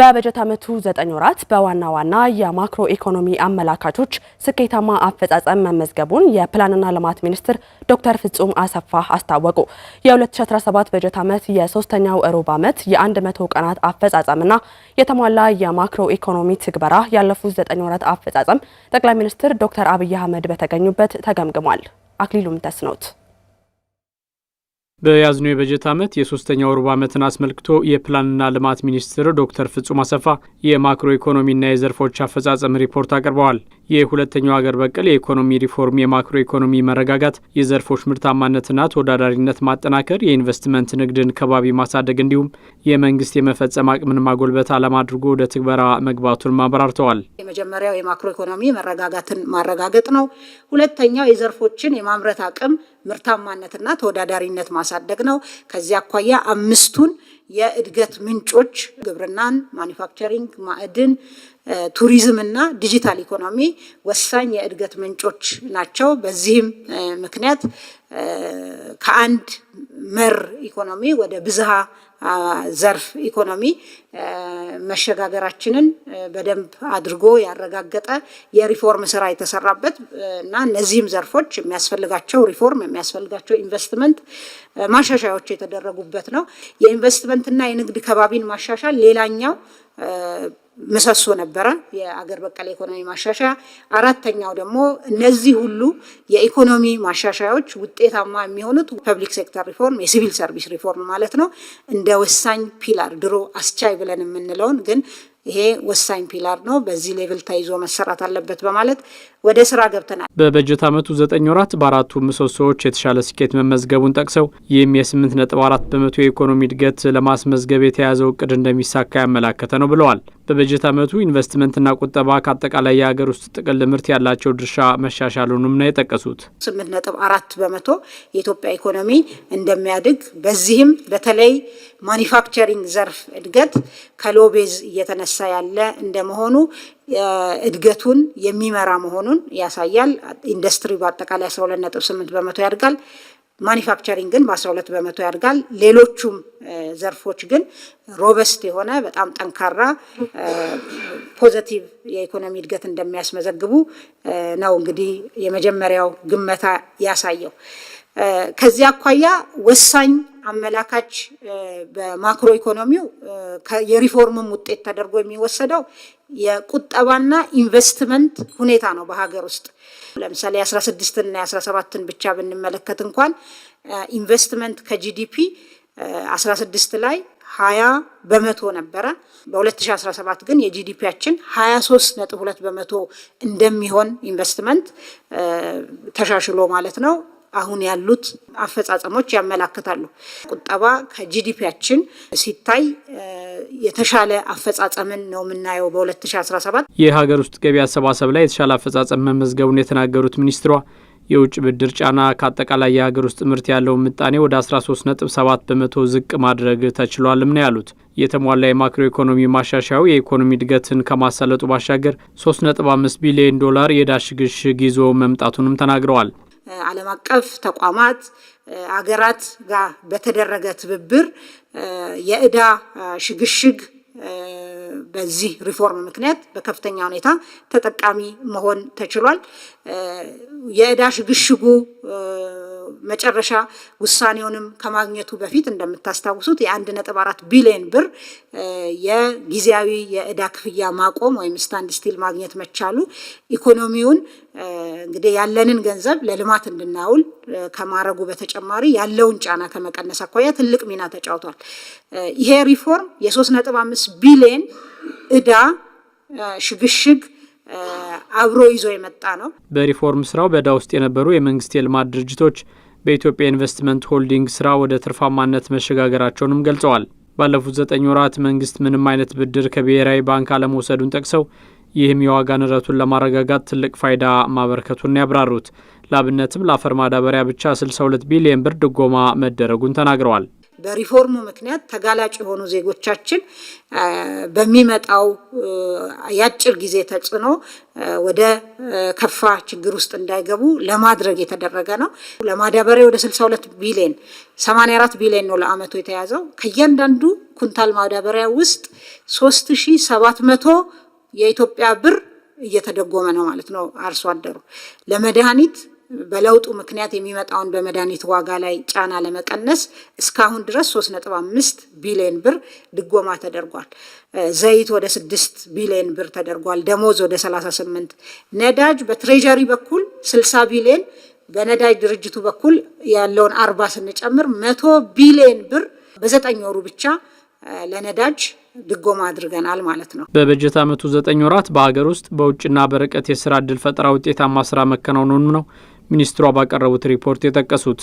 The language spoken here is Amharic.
በበጀት ዓመቱ ዘጠኝ ወራት በዋና ዋና የማክሮ ኢኮኖሚ አመላካቾች ስኬታማ አፈጻጸም መመዝገቡን የፕላንና ልማት ሚኒስትር ዶክተር ፍጹም አሰፋ አስታወቁ። የ2017 በጀት ዓመት የሶስተኛው ሩብ ዓመት የ100 ቀናት አፈጻጸምና የተሟላ የማክሮ ኢኮኖሚ ትግበራ ያለፉት ዘጠኝ ወራት አፈጻጸም ጠቅላይ ሚኒስትር ዶክተር አብይ አህመድ በተገኙበት ተገምግሟል። አክሊሉም ተስኖት በያዝነው የበጀት ዓመት የሶስተኛው ሩብ ዓመትን አስመልክቶ የፕላንና ልማት ሚኒስትር ዶክተር ፍጹም አሰፋ የማክሮ ኢኮኖሚና የዘርፎች አፈጻጸም ሪፖርት አቅርበዋል። የሁለተኛው ሀገር በቀል የኢኮኖሚ ሪፎርም የማክሮ ኢኮኖሚ መረጋጋት፣ የዘርፎች ምርታማነትና ተወዳዳሪነት ማጠናከር፣ የኢንቨስትመንት ንግድን ከባቢ ማሳደግ እንዲሁም የመንግስት የመፈጸም አቅምን ማጎልበት ዓላማ አድርጎ ወደ ትግበራ መግባቱን ማብራርተዋል። የመጀመሪያው የማክሮ ኢኮኖሚ መረጋጋትን ማረጋገጥ ነው። ሁለተኛው የዘርፎችን የማምረት አቅም ምርታማነትና ተወዳዳሪነት ማሳደግ ነው። ከዚህ አኳያ አምስቱን የእድገት ምንጮች ግብርናን፣ ማኒፋክቸሪንግ፣ ማዕድን፣ ቱሪዝም እና ዲጂታል ኢኮኖሚ ወሳኝ የእድገት ምንጮች ናቸው። በዚህም ምክንያት ከአንድ መር ኢኮኖሚ ወደ ብዝሃ ዘርፍ ኢኮኖሚ መሸጋገራችንን በደንብ አድርጎ ያረጋገጠ የሪፎርም ስራ የተሰራበት እና እነዚህም ዘርፎች የሚያስፈልጋቸው ሪፎርም የሚያስፈልጋቸው ኢንቨስትመንት ማሻሻያዎች የተደረጉበት ነው። የኢንቨስትመንትና የንግድ ከባቢን ማሻሻል ሌላኛው ምሰሶ ነበረ የአገር በቀል ኢኮኖሚ ማሻሻያ። አራተኛው ደግሞ እነዚህ ሁሉ የኢኮኖሚ ማሻሻያዎች ውጤታማ የሚሆኑት ፐብሊክ ሴክተር ሪፎርም፣ የሲቪል ሰርቪስ ሪፎርም ማለት ነው እንደ ወሳኝ ፒላር ድሮ አስቻይ ብለን የምንለውን ግን ይሄ ወሳኝ ፒላር ነው። በዚህ ሌቭል ተይዞ መሰራት አለበት በማለት ወደ ስራ ገብተናል። በበጀት አመቱ ዘጠኝ ወራት በአራቱ ምሰሶዎች የተሻለ ስኬት መመዝገቡን ጠቅሰው ይህም የስምንት ነጥብ አራት በመቶ የኢኮኖሚ እድገት ለማስመዝገብ የተያዘው እቅድ እንደሚሳካ ያመላከተ ነው ብለዋል። በበጀት ዓመቱ ኢንቨስትመንትና ቁጠባ ከአጠቃላይ የሀገር ውስጥ ጥቅል ምርት ያላቸው ድርሻ መሻሻሉንም ነው የጠቀሱት። ስምንት ነጥብ አራት በመቶ የኢትዮጵያ ኢኮኖሚ እንደሚያድግ በዚህም በተለይ ማኒፋክቸሪንግ ዘርፍ እድገት ከሎቤዝ እየተነሳ ያለ እንደመሆኑ እድገቱን የሚመራ መሆኑን ያሳያል። ኢንዱስትሪ በአጠቃላይ 12.8 በመቶ ያድጋል። ማኒፋክቸሪንግ በ12 በመቶ ያድጋል። ሌሎቹም ዘርፎች ግን ሮበስት የሆነ በጣም ጠንካራ ፖዘቲቭ የኢኮኖሚ እድገት እንደሚያስመዘግቡ ነው እንግዲህ የመጀመሪያው ግመታ ያሳየው። ከዚህ አኳያ ወሳኝ አመላካች በማክሮ ኢኮኖሚው የሪፎርምም ውጤት ተደርጎ የሚወሰደው የቁጠባና ኢንቨስትመንት ሁኔታ ነው። በሀገር ውስጥ ለምሳሌ የአስራ ስድስትን የአስራ ሰባትን ብቻ ብንመለከት እንኳን ኢንቨስትመንት ከጂዲፒ አስራ ስድስት ላይ ሀያ በመቶ ነበረ። በ2017 ግን የጂዲፒያችን 23 ነጥብ ሁለት በመቶ እንደሚሆን ኢንቨስትመንት ተሻሽሎ ማለት ነው አሁን ያሉት አፈጻጸሞች ያመላክታሉ። ቁጠባ ከጂዲፒያችን ሲታይ የተሻለ አፈጻጸምን ነው የምናየው በ2017 የሀገር ውስጥ ገቢ አሰባሰብ ላይ የተሻለ አፈጻጸም መመዝገቡን የተናገሩት ሚኒስትሯ የውጭ ብድር ጫና ከአጠቃላይ የሀገር ውስጥ ምርት ያለውን ምጣኔ ወደ 13.7 በመቶ ዝቅ ማድረግ ተችሏልም ነው ያሉት። የተሟላ የማክሮ ኢኮኖሚ ማሻሻያው የኢኮኖሚ እድገትን ከማሳለጡ ባሻገር 3.5 ቢሊዮን ዶላር የዕዳ ሽግሽግ ይዞ መምጣቱንም ተናግረዋል። ዓለም አቀፍ ተቋማት አገራት ጋር በተደረገ ትብብር የእዳ ሽግሽግ በዚህ ሪፎርም ምክንያት በከፍተኛ ሁኔታ ተጠቃሚ መሆን ተችሏል። የእዳ ሽግሽጉ መጨረሻ ውሳኔውንም ከማግኘቱ በፊት እንደምታስታውሱት የአንድ ነጥብ አራት ቢሊዮን ብር የጊዜያዊ የእዳ ክፍያ ማቆም ወይም ስታንድ ስቲል ማግኘት መቻሉ ኢኮኖሚውን እንግዲህ ያለንን ገንዘብ ለልማት እንድናውል ከማረጉ በተጨማሪ ያለውን ጫና ከመቀነስ አኳያ ትልቅ ሚና ተጫውቷል። ይሄ ሪፎርም የሶስት ነጥብ አምስት ቢሊዮን እዳ ሽግሽግ አብሮ ይዞ የመጣ ነው። በሪፎርም ስራው በዕዳ ውስጥ የነበሩ የመንግስት የልማት ድርጅቶች በኢትዮጵያ ኢንቨስትመንት ሆልዲንግ ስራ ወደ ትርፋማነት መሸጋገራቸውንም ገልጸዋል። ባለፉት ዘጠኝ ወራት መንግስት ምንም አይነት ብድር ከብሔራዊ ባንክ አለመውሰዱን ጠቅሰው ይህም የዋጋ ንረቱን ለማረጋጋት ትልቅ ፋይዳ ማበርከቱን ያብራሩት። ለአብነትም ለአፈር ማዳበሪያ ብቻ 62 ቢሊየን ብር ድጎማ መደረጉን ተናግረዋል። በሪፎርሙ ምክንያት ተጋላጭ የሆኑ ዜጎቻችን በሚመጣው የአጭር ጊዜ ተጽዕኖ ወደ ከፋ ችግር ውስጥ እንዳይገቡ ለማድረግ የተደረገ ነው። ለማዳበሪያ ወደ 62 ቢሊዮን 84 ቢሊዮን ነው ለአመቱ የተያዘው። ከእያንዳንዱ ኩንታል ማዳበሪያ ውስጥ 3700 የኢትዮጵያ ብር እየተደጎመ ነው ማለት ነው። አርሶ አደሩ ለመድኃኒት በለውጡ ምክንያት የሚመጣውን በመድኃኒት ዋጋ ላይ ጫና ለመቀነስ እስካሁን ድረስ 3.5 ቢሊዮን ብር ድጎማ ተደርጓል። ዘይት ወደ 6 ቢሊዮን ብር ተደርጓል። ደሞዝ ወደ 38፣ ነዳጅ በትሬጀሪ በኩል 60 ቢሊዮን፣ በነዳጅ ድርጅቱ በኩል ያለውን 40 ስንጨምር 100 ቢሊዮን ብር በዘጠኝ ወሩ ብቻ ለነዳጅ ድጎማ አድርገናል ማለት ነው። በበጀት ዓመቱ ዘጠኝ ወራት በሀገር ውስጥ በውጭና በርቀት የስራ እድል ፈጠራ ውጤታማ ስራ መከናወኑንም ነው ሚኒስትሯ ባቀረቡት ሪፖርት የጠቀሱት